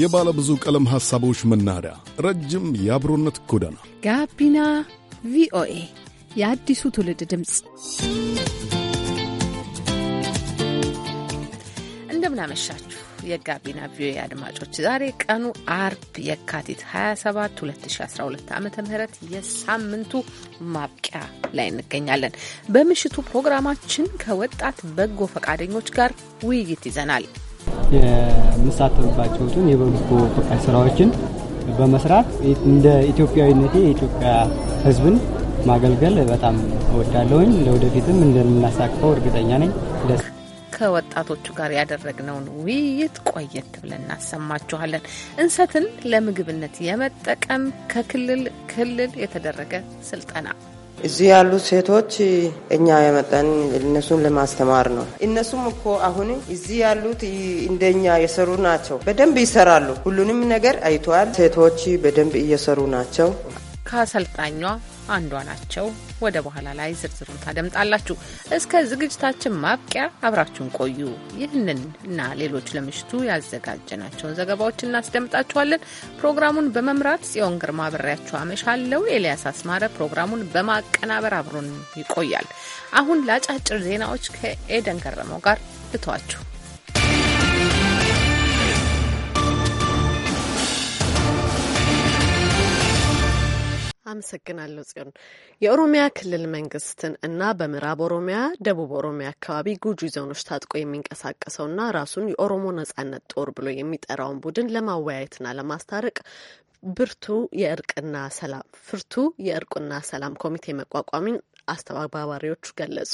የባለ ብዙ ቀለም ሐሳቦች መናኸሪያ፣ ረጅም የአብሮነት ጎዳና ጋቢና ቪኦኤ የአዲሱ ትውልድ ድምፅ። እንደምናመሻችሁ የጋቢና ቪኦኤ አድማጮች፣ ዛሬ ቀኑ አርብ የካቲት 27 2012 ዓ ም የሳምንቱ ማብቂያ ላይ እንገኛለን። በምሽቱ ፕሮግራማችን ከወጣት በጎ ፈቃደኞች ጋር ውይይት ይዘናል። የምሳተፍባቸውን የበጎ ፈቃድ ስራዎችን በመስራት እንደ ኢትዮጵያዊነቴ የኢትዮጵያ ሕዝብን ማገልገል በጣም እወዳለሁኝ። ለወደፊትም እንደምናሳክፈው እርግጠኛ ነኝ። ደስ ከወጣቶቹ ጋር ያደረግነውን ውይይት ቆየት ብለን እናሰማችኋለን። እንሰትን ለምግብነት የመጠቀም ከክልል ክልል የተደረገ ስልጠና እዚህ ያሉት ሴቶች እኛ የመጣን እነሱን ለማስተማር ነው። እነሱም እኮ አሁን እዚህ ያሉት እንደኛ የሰሩ ናቸው። በደንብ ይሰራሉ። ሁሉንም ነገር አይተዋል። ሴቶች በደንብ እየሰሩ ናቸው። ከአሰልጣኟ አንዷ ናቸው። ወደ በኋላ ላይ ዝርዝሩን ታደምጣላችሁ። እስከ ዝግጅታችን ማብቂያ አብራችሁን ቆዩ። ይህንን እና ሌሎች ለምሽቱ ያዘጋጀናቸውን ዘገባዎች እናስደምጣችኋለን። ፕሮግራሙን በመምራት ጽዮን ግርማ አብሬያችሁ አመሻለሁ። ኤልያስ አስማረ ፕሮግራሙን በማቀናበር አብሮን ይቆያል። አሁን ለአጫጭር ዜናዎች ከኤደን ገረመው ጋር ልተዋችሁ። አመሰግናለሁ ጽዮን። የኦሮሚያ ክልል መንግስትን እና በምዕራብ ኦሮሚያ፣ ደቡብ ኦሮሚያ አካባቢ ጉጂ ዞኖች ታጥቆ የሚንቀሳቀሰውና ራሱን የኦሮሞ ነጻነት ጦር ብሎ የሚጠራውን ቡድን ለማወያየትና ለማስታረቅ ብርቱ የእርቅና ሰላም ፍርቱ የእርቁና ሰላም ኮሚቴ መቋቋሚን አስተባባሪዎቹ ገለጹ።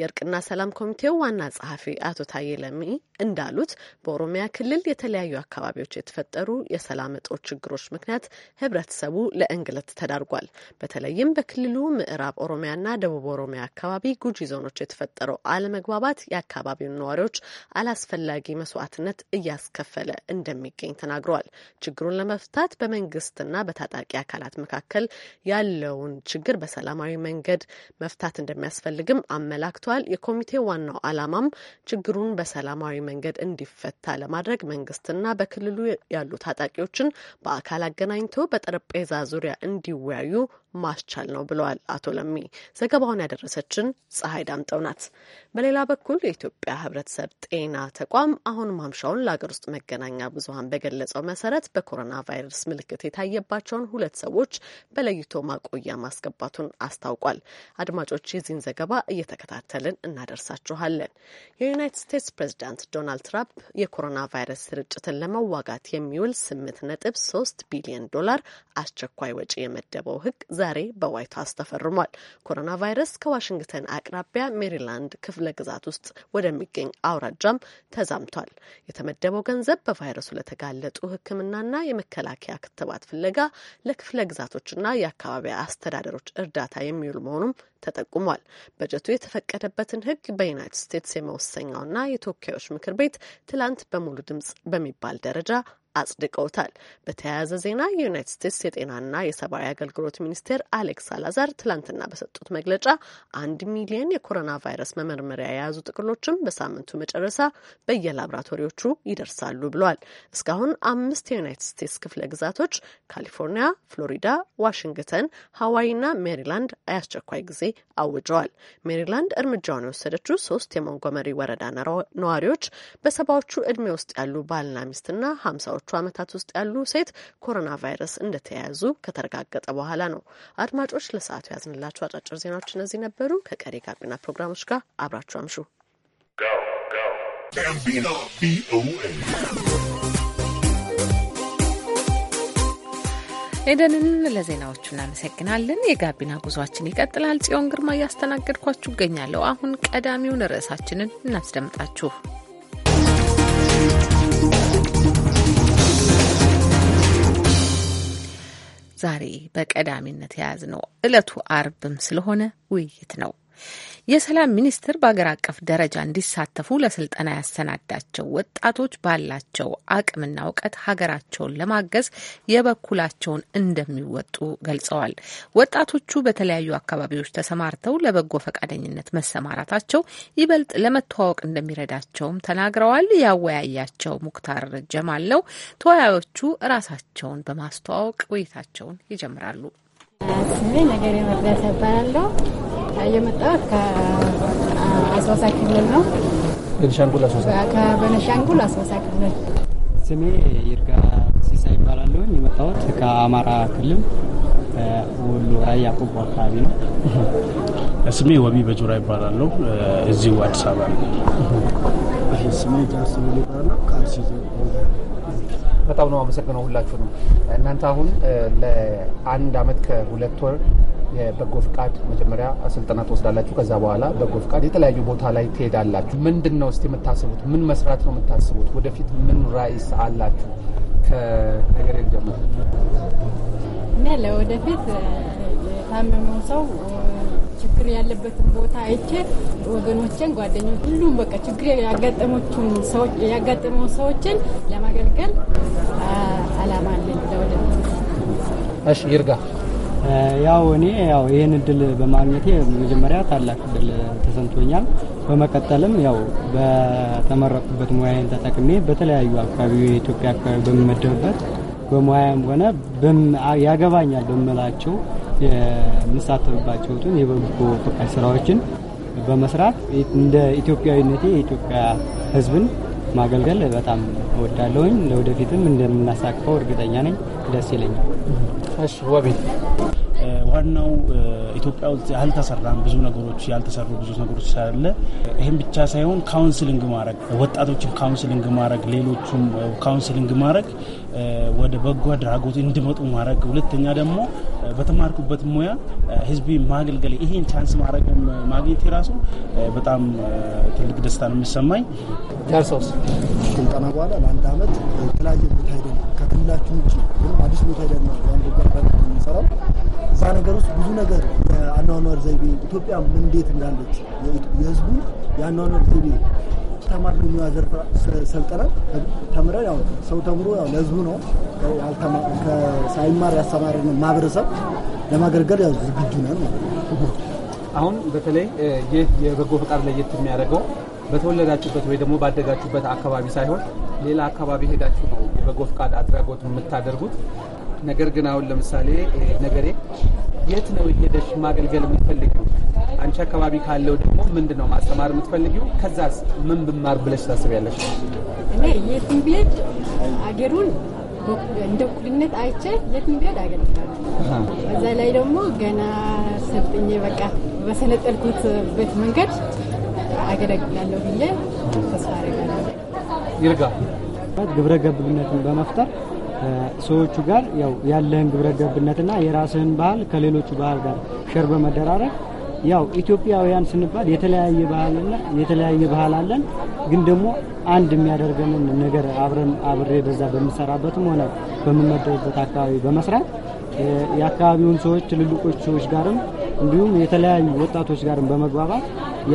የእርቅና ሰላም ኮሚቴው ዋና ጸሐፊ አቶ ታዬ ለሚ እንዳሉት በኦሮሚያ ክልል የተለያዩ አካባቢዎች የተፈጠሩ የሰላም እጦት ችግሮች ምክንያት ህብረተሰቡ ለእንግልት ተዳርጓል። በተለይም በክልሉ ምዕራብ ኦሮሚያና ደቡብ ኦሮሚያ አካባቢ ጉጂ ዞኖች የተፈጠረው አለመግባባት የአካባቢውን ነዋሪዎች አላስፈላጊ መስዋዕትነት እያስከፈለ እንደሚገኝ ተናግረዋል። ችግሩን ለመፍታት በመንግስትና በታጣቂ አካላት መካከል ያለውን ችግር በሰላማዊ መንገድ መፍታት እንደሚያስፈልግም አመላክቷል። የኮሚቴው ዋናው ዓላማም ችግሩን በሰላማዊ መንገድ እንዲፈታ ለማድረግ መንግስትና በክልሉ ያሉ ታጣቂዎችን በአካል አገናኝቶ በጠረጴዛ ዙሪያ እንዲወያዩ ማስቻል ነው ብለዋል አቶ ለሚ። ዘገባውን ያደረሰችን ፀሐይ ዳምጠው ናት። በሌላ በኩል የኢትዮጵያ ሕብረተሰብ ጤና ተቋም አሁን ማምሻውን ለሀገር ውስጥ መገናኛ ብዙኃን በገለጸው መሰረት በኮሮና ቫይረስ ምልክት የታየባቸውን ሁለት ሰዎች በለይቶ ማቆያ ማስገባቱን አስታውቋል። አድማጮች የዚህን ዘገባ እየተከታተልን እናደርሳችኋለን። የዩናይትድ ስቴትስ ፕሬዚዳንት ዶናልድ ትራምፕ የኮሮና ቫይረስ ስርጭትን ለመዋጋት የሚውል ስምንት ነጥብ ሶስት ቢሊዮን ዶላር አስቸኳይ ወጪ የመደበው ህግ ። ዛሬ በዋይት ሀውስ ተፈርሟል። ኮሮና ቫይረስ ከዋሽንግተን አቅራቢያ ሜሪላንድ ክፍለ ግዛት ውስጥ ወደሚገኝ አውራጃም ተዛምቷል። የተመደበው ገንዘብ በቫይረሱ ለተጋለጡ ሕክምናና የመከላከያ ክትባት ፍለጋ ለክፍለ ግዛቶችና የአካባቢ አስተዳደሮች እርዳታ የሚውል መሆኑም ተጠቁሟል። በጀቱ የተፈቀደበትን ሕግ በዩናይትድ ስቴትስ የመወሰኛውና የተወካዮች ምክር ቤት ትላንት በሙሉ ድምጽ በሚባል ደረጃ አጽድቀውታል። በተያያዘ ዜና የዩናይትድ ስቴትስ የጤናና የሰብአዊ አገልግሎት ሚኒስቴር አሌክስ አላዛር ትላንትና በሰጡት መግለጫ አንድ ሚሊየን የኮሮና ቫይረስ መመርመሪያ የያዙ ጥቅሎችም በሳምንቱ መጨረሻ በየላብራቶሪዎቹ ይደርሳሉ ብለዋል። እስካሁን አምስት የዩናይትድ ስቴትስ ክፍለ ግዛቶች ካሊፎርኒያ፣ ፍሎሪዳ፣ ዋሽንግተን፣ ሀዋይና ሜሪላንድ አያስቸኳይ ጊዜ አውጀዋል። ሜሪላንድ እርምጃውን የወሰደችው ሶስት የሞንጎመሪ ወረዳ ነዋሪዎች በሰባዎቹ ዕድሜ ውስጥ ያሉ ባልና ሚስትና ሀምሳዎቹ በያዝናቸው ዓመታት ውስጥ ያሉ ሴት ኮሮና ቫይረስ እንደተያያዙ ከተረጋገጠ በኋላ ነው። አድማጮች፣ ለሰዓቱ ያዝንላቸው አጫጭር ዜናዎች እነዚህ ነበሩ። ከቀሪ ጋቢና ፕሮግራሞች ጋር አብራችሁ አምሹ። ኤደንን ለዜናዎቹ እናመሰግናለን። የጋቢና ጉዟችን ይቀጥላል። ጽዮን ግርማ እያስተናገድኳችሁ እገኛለሁ። አሁን ቀዳሚውን ርዕሳችንን እናስደምጣችሁ። ዛሬ በቀዳሚነት የያዝነው ዕለቱ አርብም ስለሆነ ውይይት ነው። የሰላም ሚኒስቴር በአገር አቀፍ ደረጃ እንዲሳተፉ ለስልጠና ያሰናዳቸው ወጣቶች ባላቸው አቅምና እውቀት ሀገራቸውን ለማገዝ የበኩላቸውን እንደሚወጡ ገልጸዋል። ወጣቶቹ በተለያዩ አካባቢዎች ተሰማርተው ለበጎ ፈቃደኝነት መሰማራታቸው ይበልጥ ለመተዋወቅ እንደሚረዳቸውም ተናግረዋል። ያወያያቸው ሙክታር ጀማል ነው። ተወያዮቹ እራሳቸውን በማስተዋወቅ ውይይታቸውን ይጀምራሉ። ስሜ ነገሬ መቅደስ እባላለሁ። የመጣ ከአስበሳ ክልል ነው። ቤኒሻንጉል አስበሳ ከቤኒሻንጉል አስበሳ ክልል። ስሜ ይርጋ ሲሳይ ይባላለሁኝ። የመጣሁት ከአማራ ክልል ወሎ ራያ ቆቦ አካባቢ ነው። ስሜ ወቢ በጆራ ይባላለሁ። እዚሁ አዲስ አበባ ነው። ስሜ ጃስ ይባላለሁ። ከአርሲ በጣም ነው አመሰግነው ሁላችሁ ነው። እናንተ አሁን ለአንድ አመት ከሁለት ወር የበጎ ፍቃድ መጀመሪያ ስልጠና ትወስዳላችሁ። ከዛ በኋላ በጎ ፍቃድ የተለያዩ ቦታ ላይ ትሄዳላችሁ። ምንድን ነው እስቲ የምታስቡት? ምን መስራት ነው የምታስቡት? ወደፊት ምን ራዕይስ አላችሁ? ከነገር ጀምሮ እና ለወደፊት የታመመው ሰው ችግር ያለበትን ቦታ አይቼ ወገኖችን፣ ጓደኞች፣ ሁሉም በቃ ችግር ያጋጠሞችን ሰዎች ያጋጠመው ሰዎችን ለማገልገል አላማ አለኝ ለወደፊት። እሺ ይርጋ ያው እኔ ያው ይህን እድል በማግኘቴ መጀመሪያ ታላቅ እድል ተሰምቶኛል። በመቀጠልም ያው በተመረቁበት ሙያዬን ተጠቅሜ በተለያዩ አካባቢ የኢትዮጵያ አካባቢ በሚመደብበት በሙያም ሆነ ያገባኛል በምላቸው የምሳተፍባቸውትን የበጎ ፈቃድ ስራዎችን በመስራት እንደ ኢትዮጵያዊነቴ የኢትዮጵያ ሕዝብን ማገልገል በጣም እወዳለሁኝ። ለወደፊትም እንደምናሳቅፈው እርግጠኛ ነኝ። ደስ ይለኛል። እሺ ወቤት ዋናው ኢትዮጵያ ውስጥ ያልተሰራም ብዙ ነገሮች ያልተሰሩ ብዙ ነገሮች ስላለ ይህም ብቻ ሳይሆን ካውንስሊንግ ማድረግ ወጣቶችን ካውንስሊንግ ማድረግ ሌሎቹም ካውንስሊንግ ማድረግ ወደ በጎ አድራጎት እንዲመጡ ማድረግ ሁለተኛ ደግሞ በተማርኩበት ሙያ ህዝቢ ማገልገል ይሄን ቻንስ ማድረግ ማግኘት የራሱ በጣም ትልቅ ደስታ ነው የሚሰማኝ። ጃርሶስ ስልጠና በኋላ ለአንድ አመት የተለያየ ቦታ ሄደን ከክልላችን ውጭ አዲስ ቦታ ሄደን የምንሰራው እዛ ነገር ውስጥ ብዙ ነገር የአኗኗር ዘይቤ ኢትዮጵያ እንዴት እንዳለች የህዝቡን የአኗኗር ዘይቤ ተማርን የሚሆን ዘርፍ ሰልጠናል ተምረን ያው ሰው ተምሮ ያው ለህዝቡ ነው ሳይማር ያስተማርን ማህበረሰብ ለማገልገል ያው ዝግጁ ነን ነው። አሁን በተለይ ይህ የበጎ ፈቃድ ለየት የሚያደርገው በተወለዳችሁበት ወይ ደግሞ ባደጋችሁበት አካባቢ ሳይሆን ሌላ አካባቢ ሄዳችሁ ነው የበጎ ፈቃድ አድራጎት የምታደርጉት። ነገር ግን አሁን ለምሳሌ ነገሬ የት ነው ሄደሽ ማገልገል የምትፈልጊው? አንቺ አካባቢ ካለው ደግሞ ምንድን ነው ማስተማር የምትፈልጊው? ከዛስ ምን ብማር ብለሽ ታስቢያለሽ? እኔ የትም ብሄድ አገሩን እንደ እኩልነት አይቼ የትም ብሄድ አገለግላለሁ። እዛ ላይ ደግሞ ገና ሰልጥኜ በቃ ቤት መንገድ አገለግላለሁ ብዬ ተስፋ አደርጋለሁ። ይርጋ ግብረ ገብነትን በመፍጠር ሰዎቹ ጋር ያው ያለህን ግብረ ገብነትና የራስህን ባህል ከሌሎቹ ባህል ጋር ሸር በመደራረግ ያው ኢትዮጵያውያን ስንባል የተለያየ ባህልና የተለያየ ባህል አለን፣ ግን ደግሞ አንድ የሚያደርገንን ነገር አብረን አብሬ በዛ በምሰራበትም ሆነ በምመደብበት አካባቢ በመስራት የአካባቢውን ሰዎች ትልልቆች ሰዎች ጋርም እንዲሁም የተለያዩ ወጣቶች ጋርም በመግባባት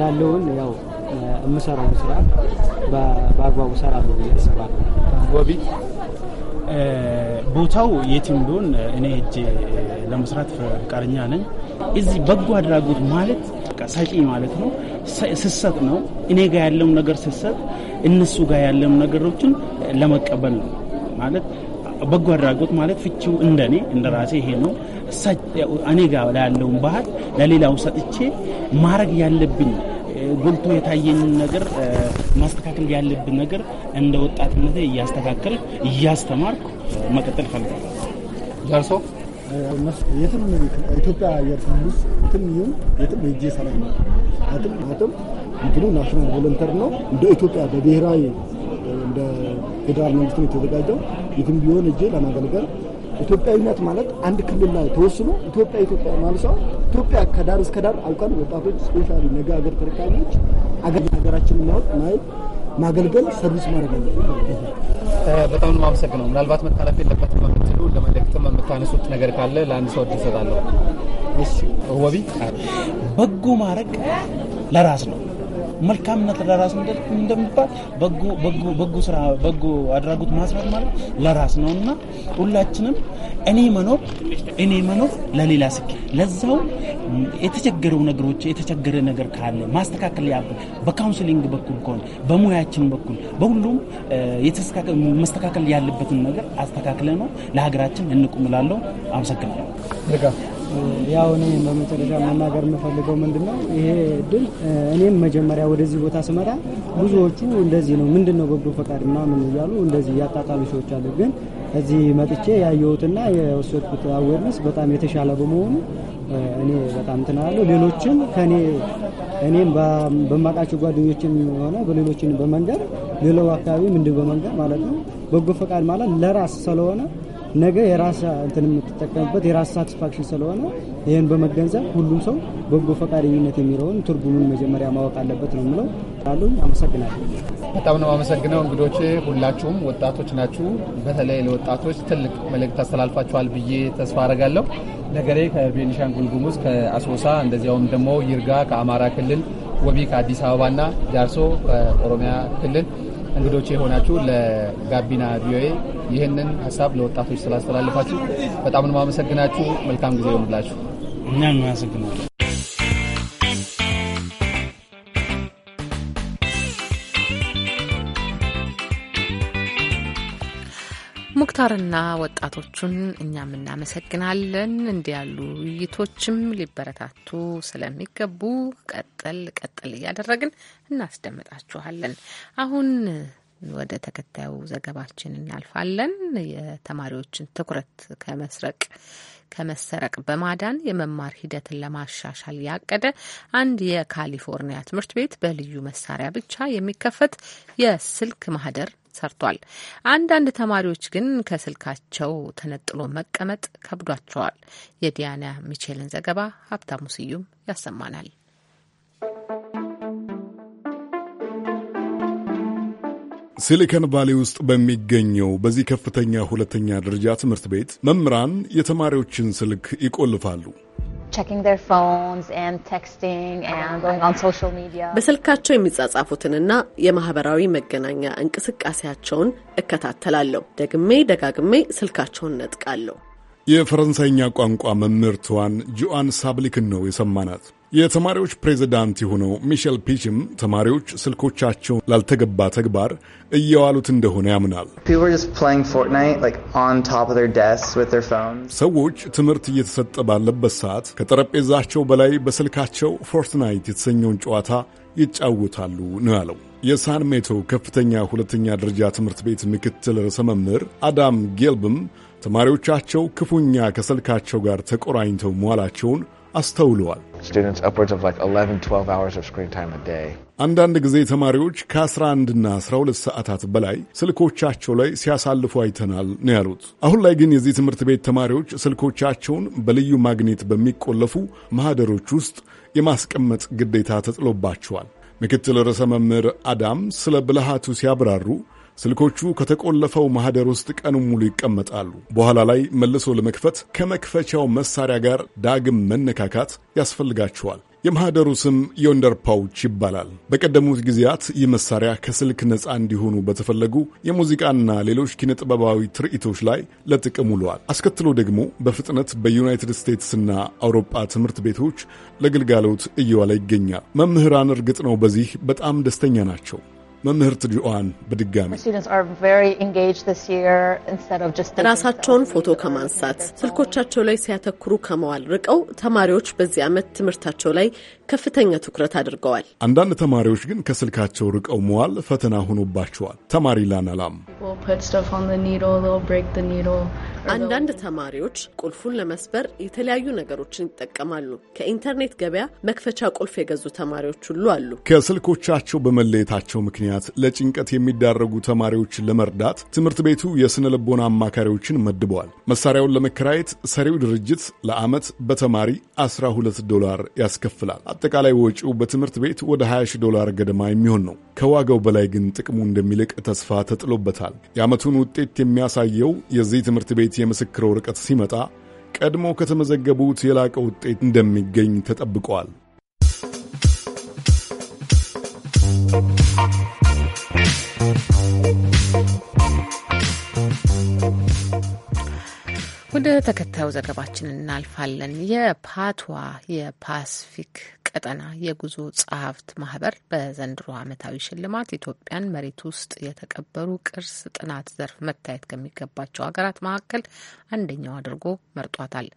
ያለውን ያው የምሰራውን ስራ በአግባቡ ሰራለሁ ብዬ አስባለሁ። ቦታው የትም ቢሆን እኔ እጄ ለመስራት ፈቃደኛ ነኝ። እዚህ በጎ አድራጎት ማለት ሰጪ ማለት ነው፣ ስሰጥ ነው። እኔ ጋር ያለውን ነገር ስሰጥ እነሱ ጋር ያለውን ነገሮችን ለመቀበል ነው ማለት በጎ አድራጎት ማለት ፍቺው እንደኔ እንደ ራሴ ይሄ ነው። እኔ ጋር ያለውን ባህል ለሌላው ሰጥቼ ማድረግ ያለብኝ ጎልቶ የታየኝን ነገር ማስተካከል ያለብን ነገር እንደ ወጣትነት እያስተካከል እያስተማርኩ መቀጠል ፈልጋል። ደርሶ የትም ኢትዮጵያ አየር የትም ይሁን የትም ሄጄ ሰላም አትም አትም እንትኑ ናሽናል ቮለንተር ነው እንደ ኢትዮጵያ በብሔራዊ እንደ ፌዴራል መንግስት የተዘጋጀው የትም ቢሆን እጄ ለማገልገል ኢትዮጵያዊነት ማለት አንድ ክልል ላይ ተወስኖ ኢትዮጵያ ኢትዮጵያ ማለት ኢትዮጵያ ከዳር እስከ ዳር አውቀን ወጣቶች ስፔሻሊ ነገ ሀገር ተረካቢዎች ሀገራችንን ማወቅ ማይ ማገልገል ሰርቪስ ማድረግ አለ። በጣም ነው የማመሰግነው። ምናልባት መታለፍ የለበትም የምትሉ ለመልእክትም የምታነሱት ነገር ካለ ለአንድ ሰው እድል እሰጣለሁ። ወቢ በጎ ማድረግ ለራስ ነው። መልካምነት ለራስ እንደሚባል በጎ ስራ በጎ አድራጎት ማስራት ማለት ለራስ ነው እና ሁላችንም እኔ መኖር እኔ መኖር ለሌላ ስኬ ለዛው የተቸገረው ነገሮች የተቸገረ ነገር ካለ ማስተካከል ያብ በካውንስሊንግ በኩል ከሆነ በሙያችን በኩል በሁሉም መስተካከል ያለበትን ነገር አስተካክለ ነው ለሀገራችን እንቁምላለው። አመሰግናለሁ። ያው እኔ በመጨረሻ መናገር የምፈልገው ምንድን ነው ይሄ እድል እኔም መጀመሪያ ወደዚህ ቦታ ስመጣ ብዙዎቹ እንደዚህ ነው ምንድን ነው በጎ ፈቃድ ምናምን እያሉ እንደዚህ ያጣጣሉ ሰዎች አሉ። ግን እዚህ መጥቼ ያየሁትና የወሰድኩት አዌርነስ በጣም የተሻለ በመሆኑ እኔ በጣም እንትን እላለሁ። ከኔ እኔም በማውቃቸው ጓደኞችን ሆነ በሌሎችን በመንገር ሌላው አካባቢም እንዲሁ በመንገር ማለት ነው በጎ ፈቃድ ማለት ለራስ ስለሆነ ነገ የራስ እንትን የምትጠቀምበት የራስ ሳቲስፋክሽን ስለሆነ ይህን በመገንዘብ ሁሉም ሰው በጎ ፈቃደኝነት የሚለውን ትርጉሙን መጀመሪያ ማወቅ አለበት ነው የምለው። ላሉኝ አመሰግናለሁ። በጣም ነው አመሰግነው። እንግዶቼ ሁላችሁም ወጣቶች ናችሁ። በተለይ ለወጣቶች ትልቅ መልእክት አስተላልፋችኋል ብዬ ተስፋ አረጋለሁ። ነገሬ ከቤኒሻንጉል ጉሙዝ ከአሶሳ እንደዚያውም ደግሞ ይርጋ ከአማራ ክልል፣ ወቢ ከአዲስ አበባና ጃርሶ ከኦሮሚያ ክልል እንግዶች የሆናችሁ ለጋቢና ቪኦኤ ይህንን ሀሳብ ለወጣቶች ስላስተላልፋችሁ በጣም ነው ማመሰግናችሁ። መልካም ጊዜ ይሆንላችሁ። እኛ እናመሰግናለን። ሙክታርና ወጣቶቹን እኛም እናመሰግናለን። እንዲህ ያሉ ውይይቶችም ሊበረታቱ ስለሚገቡ ቀጠል ቀጠል እያደረግን እናስደምጣችኋለን። አሁን ወደ ተከታዩ ዘገባችን እናልፋለን። የተማሪዎችን ትኩረት ከመስረቅ ከመሰረቅ በማዳን የመማር ሂደትን ለማሻሻል ያቀደ አንድ የካሊፎርኒያ ትምህርት ቤት በልዩ መሳሪያ ብቻ የሚከፈት የስልክ ማህደር ሰርቷል። አንዳንድ ተማሪዎች ግን ከስልካቸው ተነጥሎ መቀመጥ ከብዷቸዋል። የዲያና ሚቼልን ዘገባ ሀብታሙ ስዩም ያሰማናል። ሲሊከን ቫሊ ውስጥ በሚገኘው በዚህ ከፍተኛ ሁለተኛ ደረጃ ትምህርት ቤት መምህራን የተማሪዎችን ስልክ ይቆልፋሉ። በስልካቸው የሚጻጻፉትንና የማህበራዊ መገናኛ እንቅስቃሴያቸውን እከታተላለሁ። ደግሜ ደጋግሜ ስልካቸውን ነጥቃለሁ። የፈረንሳይኛ ቋንቋ መምህርቷን ጆአን ሳብሊክን ነው የሰማናት። የተማሪዎች ፕሬዚዳንት የሆነው ሚሼል ፒችም ተማሪዎች ስልኮቻቸውን ላልተገባ ተግባር እየዋሉት እንደሆነ ያምናል። ሰዎች ትምህርት እየተሰጠ ባለበት ሰዓት ከጠረጴዛቸው በላይ በስልካቸው ፎርትናይት የተሰኘውን ጨዋታ ይጫወታሉ ነው ያለው። የሳን ሜቶ ከፍተኛ ሁለተኛ ደረጃ ትምህርት ቤት ምክትል ርዕሰ መምህር አዳም ጌልብም ተማሪዎቻቸው ክፉኛ ከስልካቸው ጋር ተቆራኝተው መዋላቸውን አስተውለዋል። አንዳንድ ጊዜ ተማሪዎች ከ 11 እና 12 ሰዓታት በላይ ስልኮቻቸው ላይ ሲያሳልፉ አይተናል ነው ያሉት። አሁን ላይ ግን የዚህ ትምህርት ቤት ተማሪዎች ስልኮቻቸውን በልዩ ማግኔት በሚቆለፉ ማህደሮች ውስጥ የማስቀመጥ ግዴታ ተጥሎባቸዋል። ምክትል ርዕሰ መምህር አዳም ስለ ብልሃቱ ሲያብራሩ ስልኮቹ ከተቆለፈው ማህደር ውስጥ ቀኑን ሙሉ ይቀመጣሉ። በኋላ ላይ መልሶ ለመክፈት ከመክፈቻው መሳሪያ ጋር ዳግም መነካካት ያስፈልጋቸዋል። የማህደሩ ስም ዮንደር ፓውች ይባላል። በቀደሙት ጊዜያት ይህ መሳሪያ ከስልክ ነፃ እንዲሆኑ በተፈለጉ የሙዚቃና ሌሎች ኪነጥበባዊ ትርኢቶች ላይ ለጥቅም ውለዋል። አስከትሎ ደግሞ በፍጥነት በዩናይትድ ስቴትስና አውሮፓ ትምህርት ቤቶች ለግልጋሎት እየዋለ ይገኛል። መምህራን እርግጥ ነው በዚህ በጣም ደስተኛ ናቸው። መምህርት ጆዋን በድጋሚ ራሳቸውን ፎቶ ከማንሳት ስልኮቻቸው ላይ ሲያተኩሩ ከመዋል ርቀው ተማሪዎች በዚህ ዓመት ትምህርታቸው ላይ ከፍተኛ ትኩረት አድርገዋል። አንዳንድ ተማሪዎች ግን ከስልካቸው ርቀው መዋል ፈተና ሆኖባቸዋል። ተማሪ ላናላም አንዳንድ ተማሪዎች ቁልፉን ለመስበር የተለያዩ ነገሮችን ይጠቀማሉ። ከኢንተርኔት ገበያ መክፈቻ ቁልፍ የገዙ ተማሪዎች ሁሉ አሉ። ከስልኮቻቸው በመለየታቸው ምክንያት ለጭንቀት የሚዳረጉ ተማሪዎችን ለመርዳት ትምህርት ቤቱ የስነ ልቦና አማካሪዎችን መድበዋል። መሳሪያውን ለመከራየት ሰሪው ድርጅት ለዓመት በተማሪ 12 ዶላር ያስከፍላል። አጠቃላይ ወጪው በትምህርት ቤት ወደ 20 ዶላር ገደማ የሚሆን ነው። ከዋጋው በላይ ግን ጥቅሙ እንደሚልቅ ተስፋ ተጥሎበታል። የዓመቱን ውጤት የሚያሳየው የዚህ ትምህርት ቤት የምስክር ወረቀት ሲመጣ ቀድሞ ከተመዘገቡት የላቀ ውጤት እንደሚገኝ ተጠብቀዋል። ወደ ተከታዩ ዘገባችን እናልፋለን። የፓትዋ የፓስፊክ ቀጠና የጉዞ ጸሐፍት ማህበር በዘንድሮ ዓመታዊ ሽልማት ኢትዮጵያን መሬት ውስጥ የተቀበሩ ቅርስ ጥናት ዘርፍ መታየት ከሚገባቸው ሀገራት መካከል አንደኛው አድርጎ መርጧታል።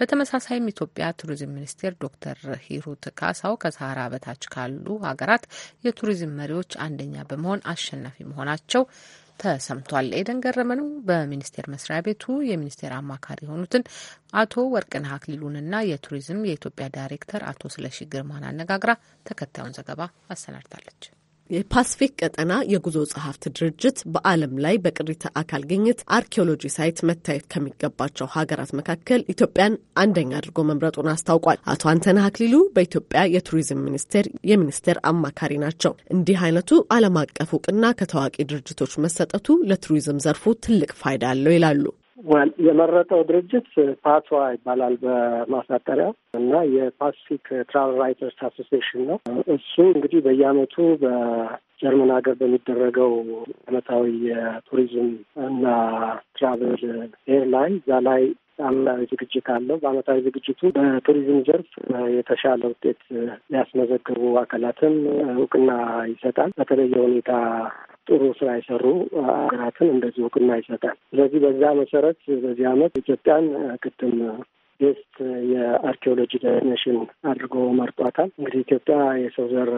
በተመሳሳይም ኢትዮጵያ ቱሪዝም ሚኒስቴር ዶክተር ሂሩት ካሳው ከሰሃራ በታች ካሉ ሀገራት የቱሪዝም መሪዎች አንደኛ በመሆን አሸናፊ መሆናቸው ተሰምቷል። ኤደን ገረመንም በሚኒስቴር መስሪያ ቤቱ የሚኒስቴር አማካሪ የሆኑትን አቶ ወርቅነህ አክሊሉንና የቱሪዝም የኢትዮጵያ ዳይሬክተር አቶ ስለሺ ግርማን አነጋግራ ተከታዩን ዘገባ አሰናድታለች። የፓስፊክ ቀጠና የጉዞ ጸሐፍት ድርጅት በዓለም ላይ በቅሪተ አካል ግኝት አርኪኦሎጂ ሳይት መታየት ከሚገባቸው ሀገራት መካከል ኢትዮጵያን አንደኛ አድርጎ መምረጡን አስታውቋል። አቶ አንተነህ አክሊሉ በኢትዮጵያ የቱሪዝም ሚኒስቴር የሚኒስቴር አማካሪ ናቸው። እንዲህ አይነቱ ዓለም አቀፍ እውቅና ከታዋቂ ድርጅቶች መሰጠቱ ለቱሪዝም ዘርፉ ትልቅ ፋይዳ አለው ይላሉ። የመረጠው ድርጅት ፓትዋ ይባላል በማሳጠሪያ እና የፓሲፊክ ትራቨል ራይተርስ አሶሲሽን ነው። እሱ እንግዲህ በየአመቱ በጀርመን ሀገር በሚደረገው አመታዊ የቱሪዝም እና ትራቨል ኤር ላይ እዛ ላይ አመታዊ ዝግጅት አለው። በአመታዊ ዝግጅቱ በቱሪዝም ዘርፍ የተሻለ ውጤት ያስመዘገቡ አካላትን እውቅና ይሰጣል። በተለየ ሁኔታ ጥሩ ስራ የሰሩ ሀገራትን እንደዚህ እውቅና ይሰጣል። ስለዚህ በዛ መሰረት በዚህ አመት ኢትዮጵያን ቅድም ቤስት የአርኪኦሎጂ ዳይሬሽን አድርጎ መርጧታል። እንግዲህ ኢትዮጵያ የሰው ዘር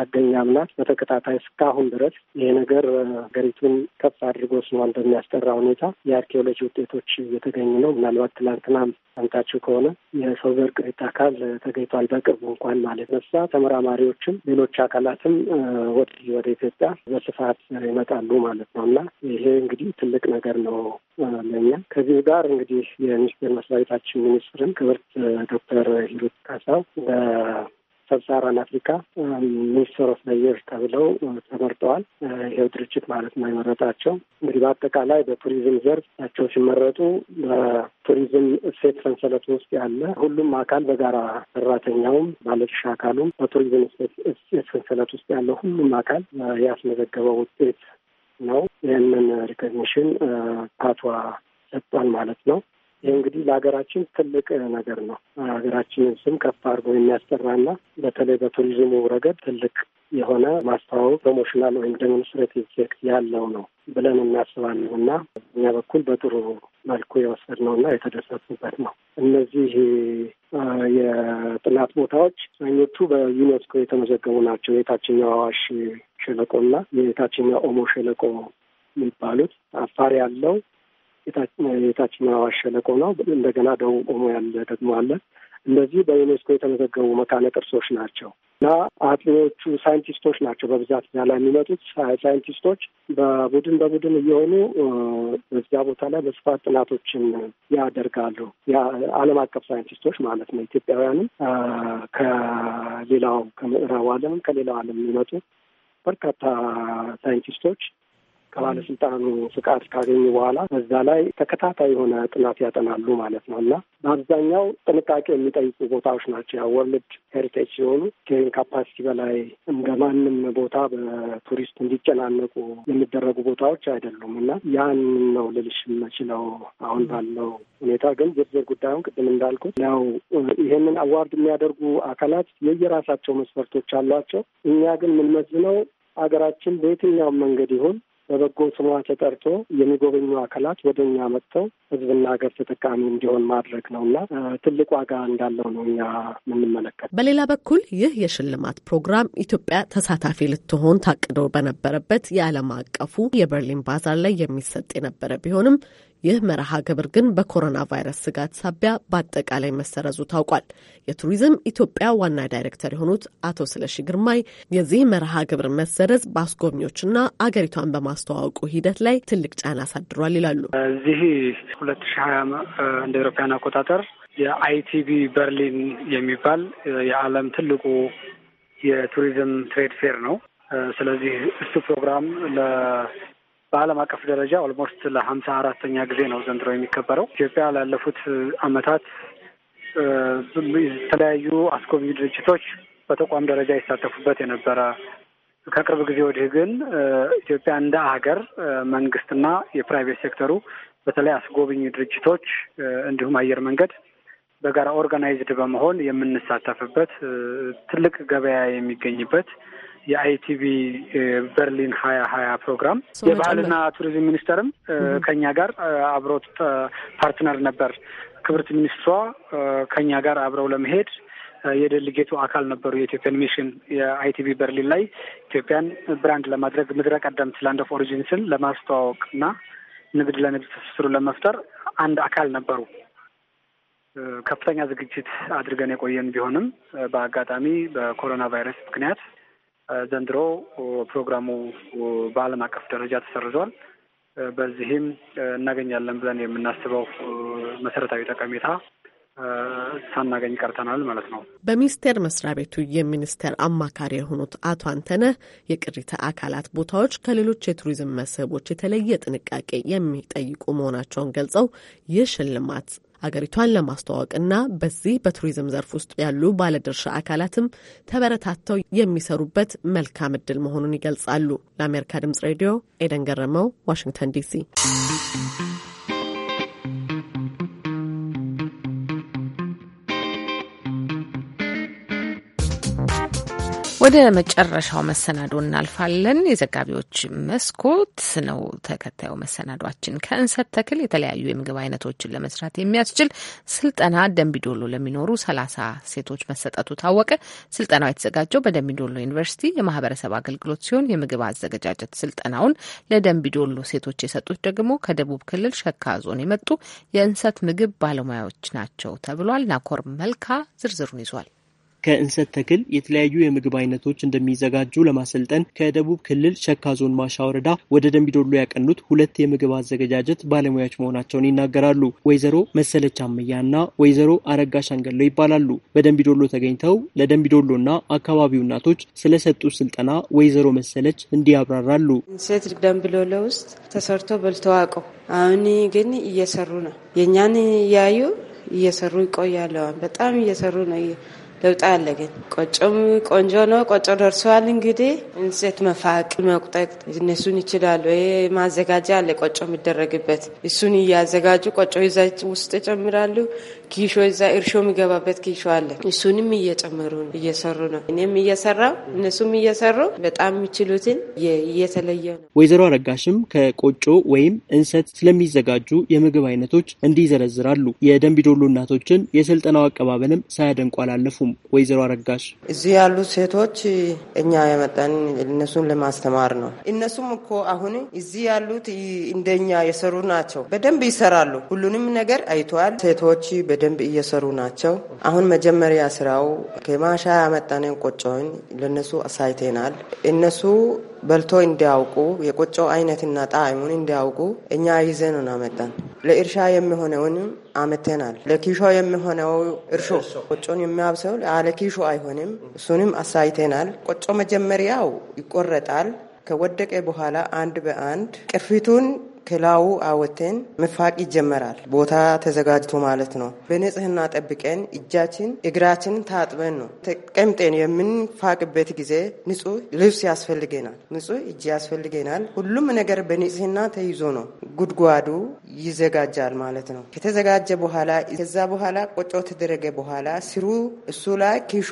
መገኛም ናት። በተከታታይ እስካሁን ድረስ ይሄ ነገር ሀገሪቱን ከፍ አድርጎ ስሟን በሚያስጠራ ሁኔታ የአርኪኦሎጂ ውጤቶች እየተገኙ ነው። ምናልባት ትላንትናም ሰምታችሁ ከሆነ የሰው ዘር ቅሪተ አካል ተገኝቷል። በቅርቡ እንኳን ማለት ነሳ ተመራማሪዎችም ሌሎች አካላትም ወደዚህ ወደ ኢትዮጵያ በስፋት ይመጣሉ ማለት ነው እና ይሄ እንግዲህ ትልቅ ነገር ነው ለኛ ከዚህ ጋር እንግዲህ የሚኒስቴር መስሪያ ቤታችን ሚኒስ ሚኒስትርም ክብርት ዶክተር ሂሩት ካሳው በሰብሳራን አፍሪካ ሚኒስትር ኦፍ ዘየር ተብለው ተመርጠዋል። ይኸው ድርጅት ማለት ነው የመረጣቸው። እንግዲህ በአጠቃላይ በቱሪዝም ዘርፍ ናቸው ሲመረጡ በቱሪዝም እሴት ሰንሰለት ውስጥ ያለ ሁሉም አካል በጋራ ሰራተኛውም፣ ባለድርሻ አካሉም በቱሪዝም እሴት ሰንሰለት ውስጥ ያለ ሁሉም አካል ያስመዘገበው ውጤት ነው። ይህንን ሪኮግኒሽን ፓቷ ሰጥቷል ማለት ነው። ይህ እንግዲህ ለሀገራችን ትልቅ ነገር ነው። ሀገራችንን ስም ከፍ አድርጎ የሚያስጠራና በተለይ በቱሪዝሙ ረገድ ትልቅ የሆነ ማስተዋወቅ ፕሮሞሽናል ወይም ዴሞንስትሬቲቭ ኢፌክት ያለው ነው ብለን እናስባለን እና እኛ በኩል በጥሩ መልኩ ነው እና የተደሰቱበት ነው። እነዚህ የጥናት ቦታዎች አብዛኞቹ በዩኔስኮ የተመዘገቡ ናቸው። የታችኛው አዋሽ ሸለቆ እና የታችኛው ኦሞ ሸለቆ የሚባሉት አፋር ያለው የታችኛው አዋሽ ሸለቆ ነው። እንደገና ደቡብ ቆሞ ያለ ደግሞ አለ። እነዚህ በዩኔስኮ የተመዘገቡ መካነ ቅርሶች ናቸው እና አጥኚዎቹ ሳይንቲስቶች ናቸው በብዛት እዛ ላይ የሚመጡት። ሳይንቲስቶች በቡድን በቡድን እየሆኑ በዚያ ቦታ ላይ በስፋት ጥናቶችን ያደርጋሉ። የዓለም አቀፍ ሳይንቲስቶች ማለት ነው። ኢትዮጵያውያንም ከሌላው ከምዕራቡ ዓለምም ከሌላው ዓለም የሚመጡ በርካታ ሳይንቲስቶች ከባለስልጣኑ ፍቃድ ካገኙ በኋላ በዛ ላይ ተከታታይ የሆነ ጥናት ያጠናሉ ማለት ነው እና በአብዛኛው ጥንቃቄ የሚጠይቁ ቦታዎች ናቸው። ያ ወርልድ ሄሪቴጅ ሲሆኑ ከይህን ካፓሲቲ በላይ እንደ ማንም ቦታ በቱሪስት እንዲጨናነቁ የሚደረጉ ቦታዎች አይደሉም እና ያን ነው ልልሽ የምችለው አሁን ባለው ሁኔታ። ግን ዝርዝር ጉዳዩን ቅድም እንዳልኩት ያው ይሄንን አዋርድ የሚያደርጉ አካላት የየራሳቸው መስፈርቶች አሏቸው። እኛ ግን የምንመዝነው ሀገራችን በየትኛውም መንገድ ይሁን በበጎ ስሟ ተጠርቶ የሚጎበኙ አካላት ወደ እኛ መጥተው ህዝብና ሀገር ተጠቃሚ እንዲሆን ማድረግ እና ትልቅ ዋጋ እንዳለው ነው እኛ የምንመለከት። በሌላ በኩል ይህ የሽልማት ፕሮግራም ኢትዮጵያ ተሳታፊ ልትሆን ታቅዶ በነበረበት የዓለም አቀፉ የበርሊን ባዛር ላይ የሚሰጥ የነበረ ቢሆንም ይህ መርሃ ግብር ግን በኮሮና ቫይረስ ስጋት ሳቢያ በአጠቃላይ መሰረዙ ታውቋል። የቱሪዝም ኢትዮጵያ ዋና ዳይሬክተር የሆኑት አቶ ስለሺ ግርማይ የዚህ መርሃ ግብር መሰረዝ በአስጎብኚዎችና አገሪቷን በማስተዋወቁ ሂደት ላይ ትልቅ ጫና አሳድሯል ይላሉ። እዚህ ሁለት ሺህ ሀያ እንደ ኤሮፓያን አቆጣጠር የአይቲቪ በርሊን የሚባል የዓለም ትልቁ የቱሪዝም ትሬድ ፌር ነው። ስለዚህ እሱ ፕሮግራም በዓለም አቀፍ ደረጃ ኦልሞስት ለሀምሳ አራተኛ ጊዜ ነው ዘንድሮ የሚከበረው። ኢትዮጵያ ላለፉት አመታት የተለያዩ አስጎብኝ ድርጅቶች በተቋም ደረጃ ይሳተፉበት የነበረ ከቅርብ ጊዜ ወዲህ ግን ኢትዮጵያ እንደ ሀገር መንግስትና የፕራይቬት ሴክተሩ በተለይ አስጎብኝ ድርጅቶች እንዲሁም አየር መንገድ በጋራ ኦርጋናይዝድ በመሆን የምንሳተፍበት ትልቅ ገበያ የሚገኝበት የአይቲቪ በርሊን ሀያ ሀያ ፕሮግራም የባህልና ቱሪዝም ሚኒስቴርም ከኛ ጋር አብሮት ፓርትነር ነበር። ክብርት ሚኒስትሯ ከኛ ጋር አብረው ለመሄድ የደልጌቱ አካል ነበሩ። የኢትዮጵያን ሚሽን የአይቲቪ በርሊን ላይ ኢትዮጵያን ብራንድ ለማድረግ ምድረ ቀደምት ላንድ ኦፍ ኦሪጂንስን ለማስተዋወቅ እና ንግድ ለንግድ ትስስሩ ለመፍጠር አንድ አካል ነበሩ። ከፍተኛ ዝግጅት አድርገን የቆየን ቢሆንም በአጋጣሚ በኮሮና ቫይረስ ምክንያት ዘንድሮ ፕሮግራሙ በዓለም አቀፍ ደረጃ ተሰርዟል። በዚህም እናገኛለን ብለን የምናስበው መሰረታዊ ጠቀሜታ ሳናገኝ ቀርተናል ማለት ነው። በሚኒስቴር መስሪያ ቤቱ የሚኒስቴር አማካሪ የሆኑት አቶ አንተነህ የቅሪተ አካላት ቦታዎች ከሌሎች የቱሪዝም መስህቦች የተለየ ጥንቃቄ የሚጠይቁ መሆናቸውን ገልጸው ይህ ሽልማት አገሪቷን ለማስተዋወቅና በዚህ በቱሪዝም ዘርፍ ውስጥ ያሉ ባለድርሻ አካላትም ተበረታተው የሚሰሩበት መልካም እድል መሆኑን ይገልጻሉ። ለአሜሪካ ድምጽ ሬዲዮ ኤደን ገረመው፣ ዋሽንግተን ዲሲ ወደ መጨረሻው መሰናዶ እናልፋለን። የዘጋቢዎች መስኮት ነው ተከታዩ መሰናዷችን። ከእንሰት ተክል የተለያዩ የምግብ አይነቶችን ለመስራት የሚያስችል ስልጠና ደንቢዶሎ ለሚኖሩ ሰላሳ ሴቶች መሰጠቱ ታወቀ። ስልጠናው የተዘጋጀው በደንቢዶሎ ዩኒቨርሲቲ የማህበረሰብ አገልግሎት ሲሆን የምግብ አዘገጃጀት ስልጠናውን ለደንቢዶሎ ሴቶች የሰጡት ደግሞ ከደቡብ ክልል ሸካ ዞን የመጡ የእንሰት ምግብ ባለሙያዎች ናቸው ተብሏል። ናኮር መልካ ዝርዝሩን ይዟል። ከእንሰት ተክል የተለያዩ የምግብ አይነቶች እንደሚዘጋጁ ለማሰልጠን ከደቡብ ክልል ሸካ ዞን ማሻ ወረዳ ወደ ደንቢዶሎ ያቀኑት ሁለት የምግብ አዘገጃጀት ባለሙያዎች መሆናቸውን ይናገራሉ። ወይዘሮ መሰለች አመያ እና ወይዘሮ አረጋሽ አንገለው ይባላሉ። በደንቢዶሎ ተገኝተው ለደንቢዶሎና አካባቢው እናቶች ስለሰጡ ስልጠና ወይዘሮ መሰለች እንዲህ ያብራራሉ። ሴት ደንቢዶሎ ውስጥ ተሰርቶ በልተው አውቀው አሁን ግን እየሰሩ ነው። የእኛን እያዩ እየሰሩ ይቆያለዋል። በጣም እየሰሩ ነው። ለውጥ አለ። ግን ቆጮም ቆንጆ ነው። ቆጮ ደርሰዋል። እንግዲህ እንሴት መፋቅ፣ መቁጠቅ እነሱን ይችላሉ። ማዘጋጃ አለ ቆጮ የሚደረግበት እሱን እያዘጋጁ ቆጮ ይዛ ውስጥ ይጨምራሉ። ኪሾ እዛ እርሾ የሚገባበት ኪሾ አለ። እሱንም እየጨመሩ ነው እየሰሩ ነው። እኔም እየሰራው እነሱም እየሰሩ በጣም የሚችሉትን እየተለየ ነው። ወይዘሮ አረጋሽም ከቆጮ ወይም እንሰት ስለሚዘጋጁ የምግብ አይነቶች እንዲህ ይዘረዝራሉ። የደንቢዶሎ እናቶችን የስልጠናው አቀባበልም ሳያደንቁ አላለፉም። ወይዘሮ አረጋሽ እዚህ ያሉት ሴቶች እኛ የመጣን እነሱን ለማስተማር ነው። እነሱም እኮ አሁን እዚህ ያሉት እንደኛ የሰሩ ናቸው። በደንብ ይሰራሉ። ሁሉንም ነገር አይተዋል ሴቶች በደንብ እየሰሩ ናቸው። አሁን መጀመሪያ ስራው ከማሻ ያመጣነን ቆጮን ለነሱ አሳይተናል። እነሱ በልቶ እንዲያውቁ የቆጮ አይነትና ጣዕሙን እንዲያውቁ እኛ ይዘን አመጣን። ለእርሻ የሚሆነውን አመተናል። ለኪሾ የሚሆነው እርሾ ቆጮን የሚያብሰው ለኪሾ አይሆንም። እሱንም አሳይተናል። ቆጮ መጀመሪያው ይቆረጣል። ከወደቀ በኋላ አንድ በአንድ ቅርፊቱን ክላው አወተን መፋቅ ይጀመራል። ቦታ ተዘጋጅቶ ማለት ነው። በንጽህና ጠብቀን እጃችን እግራችን ታጥበን ነው ተቀምጠን የምንፋቅበት ጊዜ ንጹህ ልብስ ያስፈልገናል። ንጹህ እጅ ያስፈልገናል። ሁሉም ነገር በንጽህና ተይዞ ነው ጉድጓዱ ይዘጋጃል ማለት ነው። ከተዘጋጀ በኋላ ከዛ በኋላ ቆጮ ተደረገ በኋላ ስሩ እሱ ላይ ኪሾ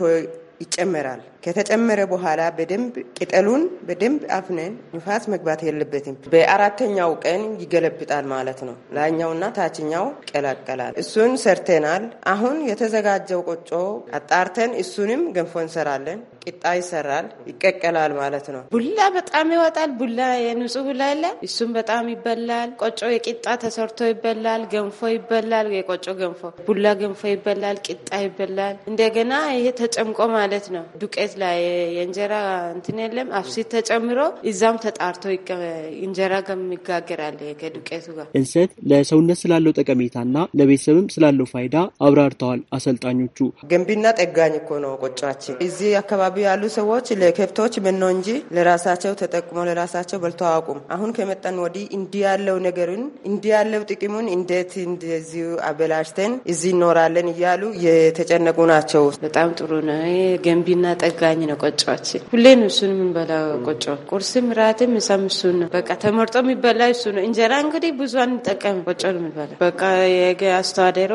ይጨመራል። ከተጨመረ በኋላ በደንብ ቅጠሉን በደንብ አፍነን ንፋስ መግባት የለበትም። በአራተኛው ቀን ይገለብጣል ማለት ነው። ላይኛውና ታችኛው ይቀላቀላል። እሱን ሰርተናል። አሁን የተዘጋጀው ቆጮ አጣርተን እሱንም ገንፎ እንሰራለን። ቂጣ ይሰራል፣ ይቀቀላል ማለት ነው። ቡላ በጣም ይወጣል። ቡላ የንጹህ ቡላ የለ፣ እሱም በጣም ይበላል። ቆጮ የቂጣ ተሰርቶ ይበላል። ገንፎ ይበላል። የቆጮ ገንፎ፣ ቡላ ገንፎ ይበላል። ቂጣ ይበላል። እንደገና ይሄ ተጨምቆ ማለት ነው ዱቄት ቤት ላይ የእንጀራ እንትን የለም። አብሲት ተጨምሮ እዛም ተጣርቶ እንጀራ ይጋገራል ከዱቄቱ ጋር። እንሰት ለሰውነት ስላለው ጠቀሜታና ለቤተሰብም ስላለው ፋይዳ አብራርተዋል አሰልጣኞቹ። ገንቢና ጠጋኝ እኮ ነው ቆጫችን። እዚህ አካባቢ ያሉ ሰዎች ለከብቶች መኖ እንጂ ለራሳቸው ተጠቅሞ ለራሳቸው በልተው አያውቁም። አሁን ከመጣን ወዲህ እንዲህ ያለው ነገሩን እንዲህ ያለው ጥቅሙን እንዴት እንደዚሁ አበላሽተን እዚህ እኖራለን እያሉ የተጨነቁ ናቸው። በጣም ጥሩ ነው። ገንቢና ጠጋ አድርጋኝ ነው ሁሌ ነው እሱን የምንበላው ቆጮ ቁርስም፣ ራትም፣ ምሳም እሱን ነው በቃ ተመርጦ የሚበላ እሱ ነው። እንጀራ እንግዲህ ብዙ አንጠቀም፣ ቆጮ ነው የምንበላ በቃ አስተዋደሮ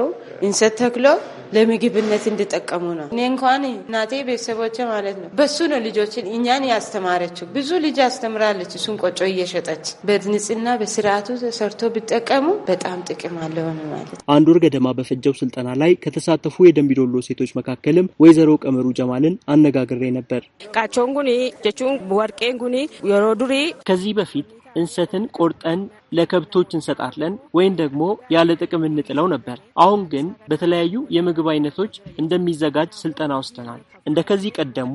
እንሰት ተክሎ ለምግብነት እንድጠቀሙ ነው። እኔ እንኳን እናቴ ቤተሰቦች ማለት ነው በሱ ነው ልጆችን እኛን ያስተማረችው። ብዙ ልጅ አስተምራለች። እሱን ቆጮ እየሸጠች በንጽህና በስርዓቱ ተሰርቶ ብጠቀሙ በጣም ጥቅም አለው ነው አንድ ወር ገደማ በፈጀው ስልጠና ላይ ከተሳተፉ የደንቢዶሎ ሴቶች መካከልም ወይዘሮ ቀመሩ ጀማልን አነጋግረ ሞክሬ ነበር። ቃቸውን ጉኒ ጀቹን ወርቄን ጉኒ የሮ ዱሪ ከዚህ በፊት እንሰትን ቆርጠን ለከብቶች እንሰጣለን ወይም ደግሞ ያለ ጥቅም እንጥለው ነበር። አሁን ግን በተለያዩ የምግብ አይነቶች እንደሚዘጋጅ ስልጠና ወስደናል። እንደ ከዚህ ቀደሙ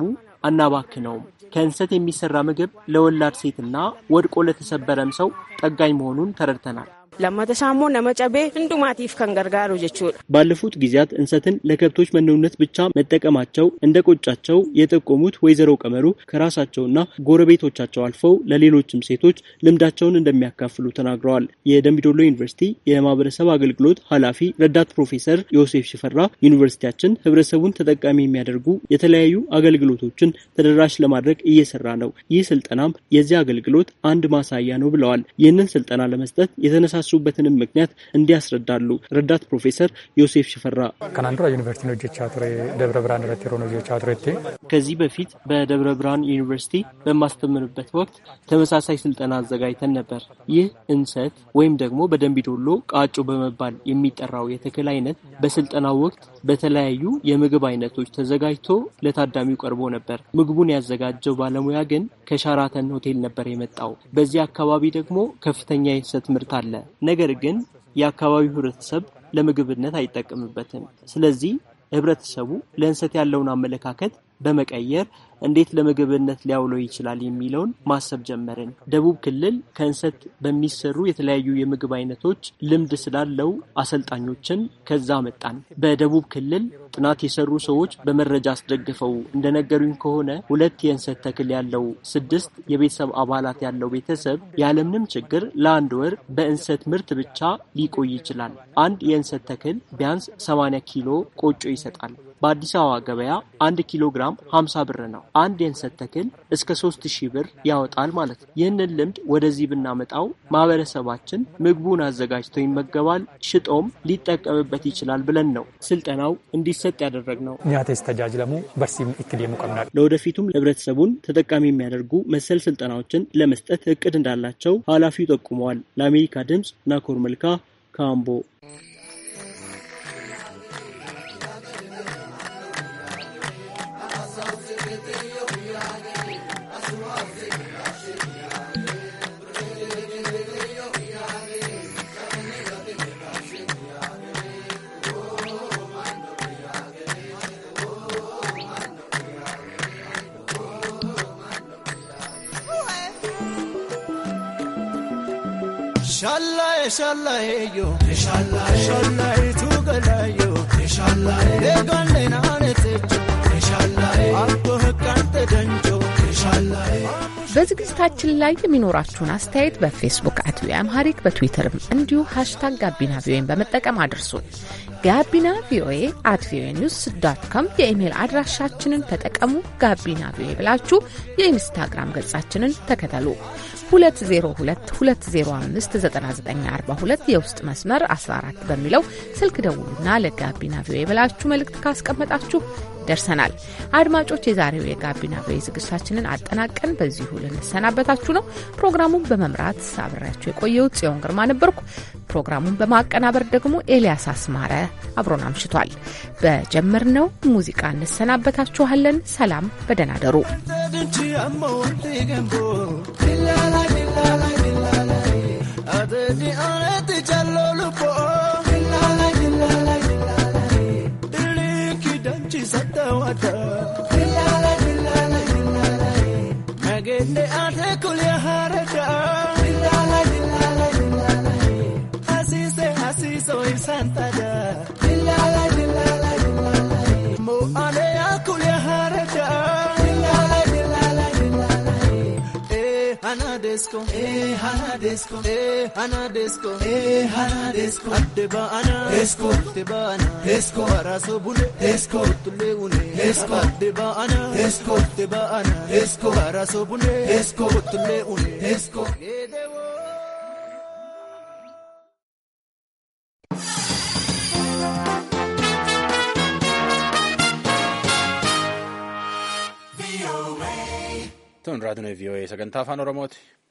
አናባክነውም። ከእንሰት የሚሰራ ምግብ ለወላድ ሴትና ወድቆ ለተሰበረም ሰው ጠጋኝ መሆኑን ተረድተናል። ለመተሳሞ ነመጨቤ እንዱማቲፍ ከንገርጋሩ ጀችudha ባለፉት ጊዜያት እንሰትን ለከብቶች መኖነት ብቻ መጠቀማቸው እንደቆጫቸው የጠቆሙት ወይዘሮ ቀመሩ ከራሳቸውና ጎረቤቶቻቸው አልፈው ለሌሎችም ሴቶች ልምዳቸውን እንደሚያካፍሉ ተናግረዋል። የደምቢዶሎ ዩኒቨርሲቲ የማህበረሰብ አገልግሎት ኃላፊ ረዳት ፕሮፌሰር ዮሴፍ ሽፈራ ዩኒቨርሲቲያችን ህብረተሰቡን ተጠቃሚ የሚያደርጉ የተለያዩ አገልግሎቶችን ተደራሽ ለማድረግ እየሰራ ነው። ይህ ስልጠናም የዚህ አገልግሎት አንድ ማሳያ ነው ብለዋል። ይህንን ስልጠና ለመስጠት የተነሳ የተነሱበትንም ምክንያት እንዲያስረዳሉ ረዳት ፕሮፌሰር ዮሴፍ ሽፈራ ከዚህ በፊት በደብረ ብርሃን ዩኒቨርሲቲ በማስተምርበት ወቅት ተመሳሳይ ስልጠና አዘጋጅተን ነበር። ይህ እንሰት ወይም ደግሞ በደንቢዶሎ ቃጮ በመባል የሚጠራው የተክል አይነት በስልጠናው ወቅት በተለያዩ የምግብ አይነቶች ተዘጋጅቶ ለታዳሚው ቀርቦ ነበር። ምግቡን ያዘጋጀው ባለሙያ ግን ከሻራተን ሆቴል ነበር የመጣው። በዚህ አካባቢ ደግሞ ከፍተኛ የእንሰት ምርት አለ። ነገር ግን የአካባቢው ህብረተሰብ ለምግብነት አይጠቀምበትም። ስለዚህ ህብረተሰቡ ለእንሰት ያለውን አመለካከት በመቀየር እንዴት ለምግብነት ሊያውለው ይችላል የሚለውን ማሰብ ጀመርን። ደቡብ ክልል ከእንሰት በሚሰሩ የተለያዩ የምግብ አይነቶች ልምድ ስላለው አሰልጣኞችን ከዛ መጣን። በደቡብ ክልል ጥናት የሰሩ ሰዎች በመረጃ አስደግፈው እንደነገሩኝ ከሆነ ሁለት የእንሰት ተክል ያለው ስድስት የቤተሰብ አባላት ያለው ቤተሰብ ያለምንም ችግር ለአንድ ወር በእንሰት ምርት ብቻ ሊቆይ ይችላል። አንድ የእንሰት ተክል ቢያንስ 80 ኪሎ ቆጮ ይሰጣል። በአዲስ አበባ ገበያ አንድ ኪሎ ግራም ሀምሳ ብር ነው። አንድ የእንሰት ተክል እስከ ሺህ ብር ያወጣል ማለት ነው። ይህንን ልምድ ወደዚህ ብናመጣው ማህበረሰባችን ምግቡን አዘጋጅቶ ይመገባል፣ ሽጦም ሊጠቀምበት ይችላል ብለን ነው ስልጠናው እንዲሰጥ ያደረግነው። ለወደፊቱም ህብረተሰቡን ተጠቃሚ የሚያደርጉ መሰል ስልጠናዎችን ለመስጠት እቅድ እንዳላቸው ኃላፊው ጠቁመዋል። ለአሜሪካ ድምፅ ናኮር መልካ ካምቦ inshallah, inshallah, inshallah, በዝግጅታችን ላይ የሚኖራችሁን አስተያየት በፌስቡክ አት ቪኦኤ አምሃሪክ በትዊተርም እንዲሁ ሃሽታግ ጋቢና ቪኦኤን በመጠቀም አድርሱን። ጋቢና ቪኦኤ አት ቪኦኤ ኒውስ ዳት ኮም የኢሜይል አድራሻችንን ተጠቀሙ። ጋቢና ቪኦኤ ብላችሁ የኢንስታግራም ገጻችንን ተከተሉ። 2022059942 የውስጥ መስመር 14 በሚለው ስልክ ደውሉና ለጋቢና ቪኦኤ ብላችሁ መልእክት ካስቀመጣችሁ ደርሰናል። አድማጮች፣ የዛሬው የጋቢና ቪኦኤ ዝግጅታችንን አጠናቀን በዚሁ ልንሰናበታችሁ ነው። ፕሮግራሙን በመምራት አብሬያችሁ የቆየሁት ጽዮን ግርማ ነበርኩ። ፕሮግራሙን በማቀናበር ደግሞ ኤልያስ አስማረ አብሮን አምሽቷል። በጀመርነው ሙዚቃ እንሰናበታችኋለን። ሰላም፣ በደህና ደሩ። Ada wada. Jilala jilala jilala. Nagende ate kulia harada. Jilala hanadeesko ee eh, hanadeesko ee eh, hanadeesko ee eh, hanadeesko adde baana deesko adde baana deesko baraasoo bule deesko tullee une deesko adde baana deesko adde baana deesko baraasoo bule deesko tullee une deesko. Tuun raadiyoon VOA sagantaa afaan Oromooti.